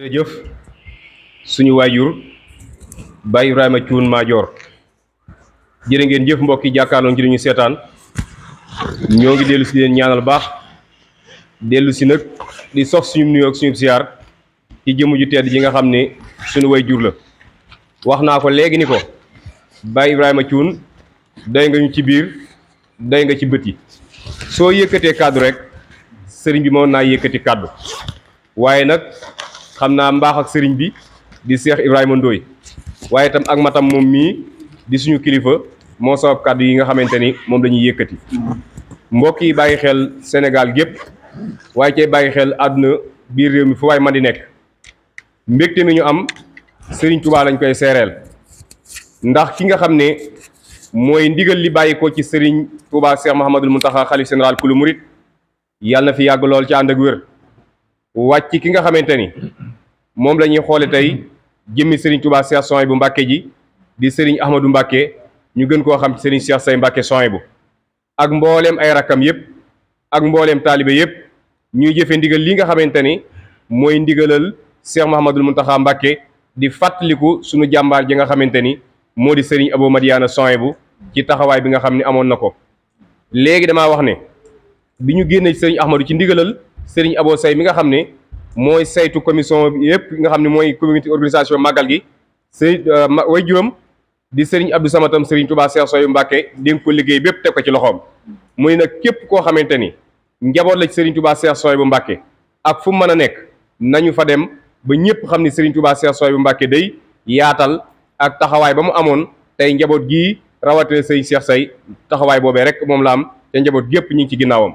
jërëjëf suñu waajur Baye Ibrahima Thioune Madior jërë ngeen jëf mbokk yi jàkkaarloo ci dañu seetaan ñoo ngi dellu si leen ñaanal baax dellu si nag di sox suñu nuyoo ak suñu siyaar ci jëmm ju tedd ji nga xam ni suñu waajur la wax naa ko léegi ni ko Baye Ibrahima Thioune day nga ñu ci biir day nga ci bët yi soo yëkkatee kàddu rek sëriñ bi moom naa yëkkati kàddu waaye nag xam naa mbaax ak sëriñ bi di Cheikh Ibrahima Ndoye waaye itam ak matam moom mii di suñu kilifa moo sabab kàddu yi nga xamante ni moom lañuy ñuy yëkkati mbokk yi bàyyi xel Sénégal gépp waaye cay bàyyi xel àdduna biir réew mi fu waay man di nekk mbégte mi ñu am sëriñ Touba lañ koy seereel ndax ki nga xam ne mooy ndigal li bàyyi ko ci sëriñ Serigne Touba Cheikh Mouhamadul Mountakha xalif général kulu murit yàlla na fi yàgg lool ci ànd ak wér wàcc ki nga xamante ni moom la ñuy xoole tey jëmmi Serigne Touba Cheikh bu Mbacké ji di Serigne Ahmadou Mbacké ñu gën koo xam ci Serigne Cheikh Say Mbacké Souhaïbou ak mbooleem ay rakkam yëpp ak mbooleem taalibe yëpp ñuy jëfe ndigal li nga xamante ni mooy ndigalal Cheikh Mahamadul taxaw Mbacké di fàttaliku suñu jàmbaar ji nga xamante ni moo di Serigne Abou Madiana bu ci taxawaay bi nga xam ne amoon na ko léegi damaa wax ne bi ñu génnee Serigne Ahmadou ci ndigalal Serigne Abo Seye mi nga xam ni mooy saytu commission bi yëpp nga xam ne mooy comité organisation màggal gi sëriñ euh, way juróom di Serigne Abdou sama tam Touba Cheikh Soyu Mbacke dénk ko liggéey bépp ko ci loxoom muy nag képp koo xamante ni njaboot la ci Serigne Touba Cheikh Soyu bu Mbacke ak fu mu mën a nekk nañu fa dem ba ñëpp xam ni Serigne Touba Cheikh Soyu bu Mbacke day yaatal ak taxawaay ba mu amoon tey njaboot gii rawatina Serigne Cheikh Say taxawaay boobee rek moom la am te njaboot gépp ñu ngi ci ginnaawam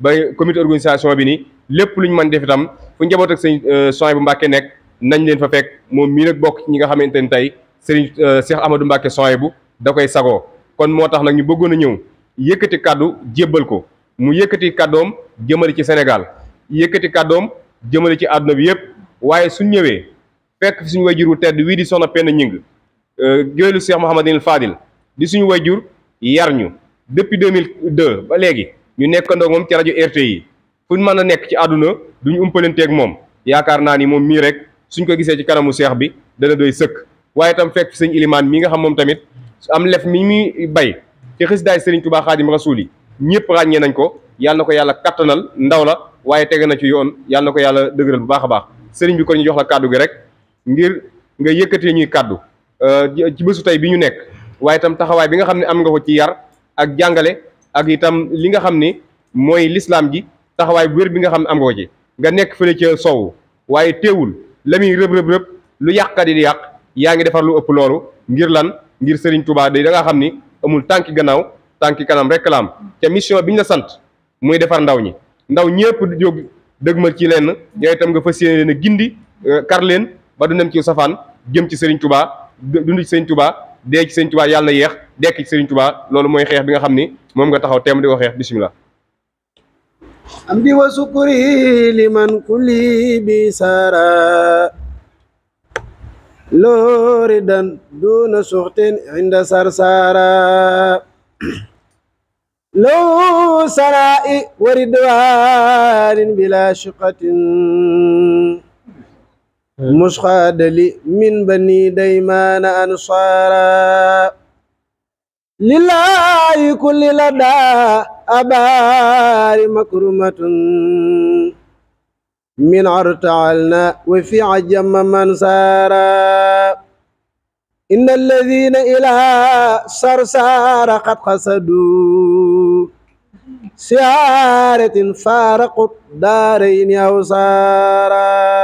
ba comité organisation bi nii lépp lu ñu mën def itam fu njaboot ak sëñ euh, Souhaïbou Mbacké nekk nañ leen fa fekk moom mii nag bokk ci ñi nga xamante ni tey sëriñ euh, Cheikh Amadou Mbacké bu da koy sagoo kon moo tax nag ñu bëggoon a ñëw yëkkati kàddu jébbal ko mu yëkkati kàddoom jëmale ci senegal yëkkati kàddoom jëmale ci àdduna bi yëpp waaye suñ ñëwee fekk fi suñu wayjur wu tedd wii di soxna Penda Ñing euh, géwélu Cheikh Mouhamadinil Fadil di suñu wayjur yar ñu depuis 2002 ba léegi ñu nekkandoo moom ci rajo RTI fu ñu mën a nekk ci àdduna ñu duñu umpalanteeg moom yaakaar naa ni moom mii rek suñ ko gisee ci kanamu seex bi dana doy sëkk waaye itam fekk fi sëñ ilimaan mi nga xam moom tamit am lef mi muy bay ci xisidaay sëriñ Tuubaa Xaadim Rasuul yi ñëpp ràññee nañ ko yàlla na ko yàlla kattanal ndaw la waaye tege na ci yoon yàlla na ko yàlla dëgëral bu baax a baax sëriñ bi kon ñu jox la kàddu gi rek ngir nga yëkkatee ñuy kàddu euh, ci bésu tey bi ñu nekk waaye itam taxawaay bi nga xam ne am nga ko ci yar ak jàngale ak itam li nga xam ni mooy lislaam ji taxawaay bu wér bi nga xam ne am nga ci nga nekk fële ca sow waaye teewul la muy rëb rëb rëb lu yàq yi di yàq yaa ngi defar lu ëpp loolu ngir lan ngir Serigne tubaa day da nga xam ni amul tànki gannaaw tànki kanam rek la am mission bi ñu la sant muy defar ndaw ñi ndaw ñëpp di jóg dëgmal ci lenn yooyu itam nga fas yéene leen a gindi euh, kar leen ba du dem ci safaan jëm ci Serigne Touba dund ci Serigne Touba dee ci sëñ tubaa yàlla yéex dekk ci sëñ tubaa loolu mooy xeex bi nga xamni mom nga taxaw teem di waxe bismillah bismillah bi wa sukuri liman kuli bisara loridan duna suhtin inda sarsara lo sarai وردوان bila shiqatin مشخادلي لي من بني ديمان أنصارا لله كل لدى أبار مكرمة من عرتعلنا وفي عجم من سارا إن الذين إلى سرسار قد قصدوا سيارة فارقوا الدارين أو سارا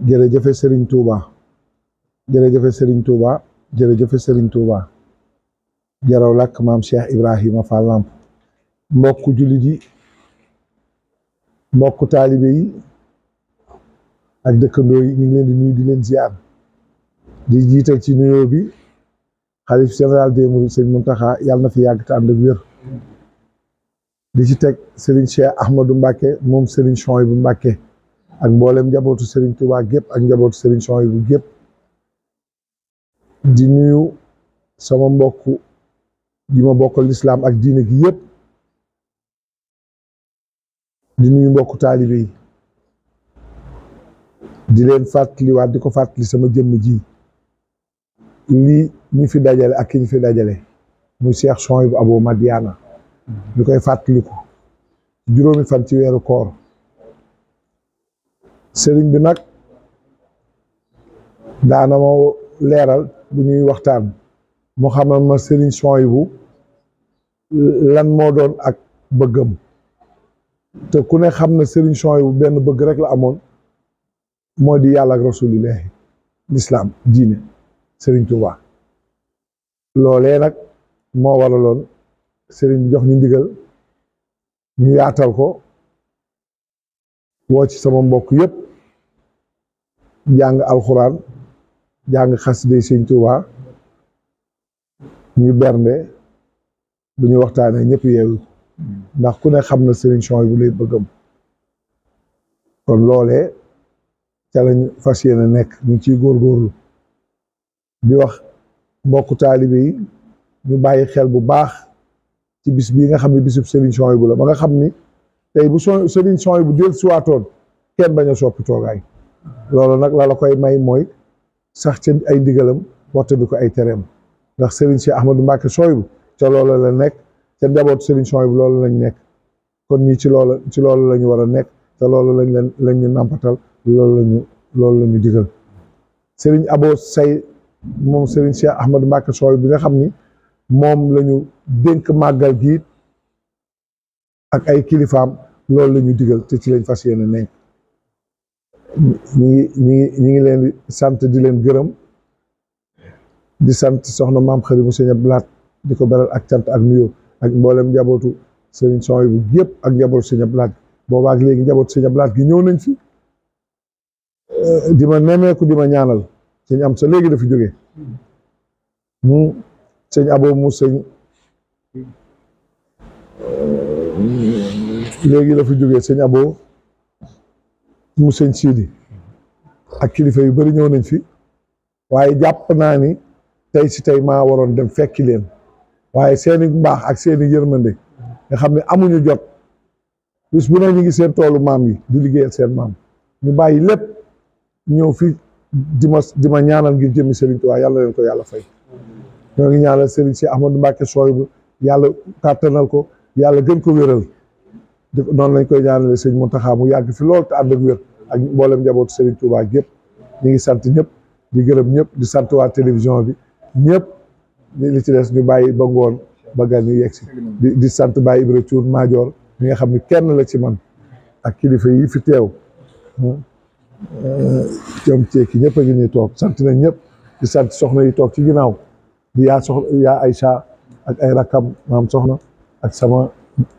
jërëjëfe Serigne Touba jërëjëfe Serigne Touba jërëjëfe Serigne Touba jaraw làkk maam Cheikh Ibrahima Fall Lamp mbokku julli yi mbokku taalibe yi ak dëkkandoo yi ñu ngi leen di nuyu di leen ziar di jiital ci nuyoo bi xalif général des mourides Serigne Mountakha yàlla na fi yàgg te di ci teg Serigne Cheikh Ahmadou Mbacké moom Serigne Chouaïbou Mbacké ak mboolem njabootu Serigne waa gépp ak njabootu Serigne Souhaïbou bu gépp di nuyu sama mbokk di ma bokkal lislaam ak diine gi yëpp di nuyu mbokku taalibe yi di leen fàttaliwaat di ko fàttali sama jëmm ji lii ñu fi dajale ak ki ñu fi dajale muy Cheikh Souhaïbou Abou Madiana ñu koy fàttaliku juróomi fan ci weeru koor sëriñ bi nag daana leeral bu ñuy waxtaan mu xamal ma sëriñ Souhaïbou lan moo doon ak bëggam te ku ne xam na sëriñ Souhaïbou benn bëgg rek la amoon moo di yàlla ak rasulillahi lislaam diine sëriñ Tuubaa loolee nag moo waraloon sëriñ bi jox ñu ndigal ñu yaatal ko woo ci sama mbokk yëpp jàng alxuraan jàng xasida sëñ Tuubaa ñu bernde bu ñu waxtaanee ñëpp yeewu ndax ku ne xam na sëriñ yi bu lay bëggam kon loolee ca lañ fas a nekk ñu ciy góorgóorlu di wax mbokku taalibe yi ñu bàyyi xel bu baax ci bis bii nga xam ne bisub sëriñ Son bu la ba nga xam ni tey bu so sëriñ son bu del suwaatoon kenn bañ a soppi toogaay loolu nag la la koy may mooy sax ci ay ndigalam waxtandi ko ay tereem ndax sëriñ si Ahmadou Mbacke Souhaibou ca loola la nekk ca njaboot sëriñ Souhaibou loolu lañ nekk kon ñii ci loola ci loolu lañu ñu war a nekk te loolu lañ leen lañ ñu nàmpatal loolu lañu loolu la ñu digal sëriñ Abo Say moom sëriñ si Ahmadou Mbacke Souhaibou bi nga xam ni moom lañu ñu dénk màggal gi ak ay kilifaam loolu la ñu digal te ci lañ fas yéene nekk ñi ngi ñi ngi leen di sant di leen gërëm di sant soxna maam xëri mu sëñ Ablaat di ko beral ak cant ak nuyoo ak mboolem njabootu sëñ Sooy bu yëpp ak njabootu sëñ Ablaat boobaak léegi njabootu sëñ Ablaat gi ñëw nañ fi di ma nemeeku di ma ñaanal sëñ am sa léegi dafa jógee mu sëñ aboo mu léegi la fi jóge sëñ Abo mu sëñ Sidi ak kilifa yu bari ñëw nañ fi waaye jàpp naa ni tey si tey maa waroon dem fekki leen waaye seeni mbaax ak seeni yërmande nga xam ne amuñu jot bis bu ne ñu ngi seen toolu maam yi di liggéeyal seen maam ñu bàyyi lépp ñëw fi di ma di ma ñaanal ngir jëmmi Serigne Touba yàlla leen ko yàlla fay ñoo ngi ñaanal Serigne si Ahmadou Mbacke sooy bu yàlla kàttanal ko yàlla gën ko wéral noonu lañ koy ñaanale sëñ Mountakha mu yàgg fi lool te ànd ak wér ak mboolem njabootu Serigne Touba gépp ñu ngi sant ñëpp di gërëm ñëpp di sant waa télévision bi ñëpp li ci des ñu bàyyi ba ngoon ba gan ñu yegg si di sant Baye Ibra Thioune Madior mi nga xam ni kenn la ci man ak kilifa yi fi teew hmm. eh, jom ceeki ñëpp a ngi ñuy toog sant nañ ñëpp di sant soxna yi toog ci ginnaaw di yaa soxna yaa Aïcha ak ay rakam maam soxna ak sama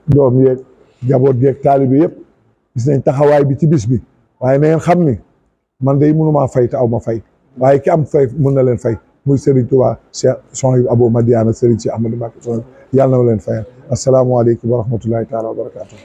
doom yeeg jaboot yeeg taalibe yëpp gis nañ taxawaay bi ci bis bi waaye na ngeen xam ni man day mënumaa fay te aw ma fay waaye ki am fay mën na leen fay muy Serigne Touba Cheikh Sohaïbou Abou Madiana Serigne Cheikh Ahmadou Mbacké Sohaïbou yàlla na leen fayal asalaamualeykum wa rahmatullahi taala wa barakaatu.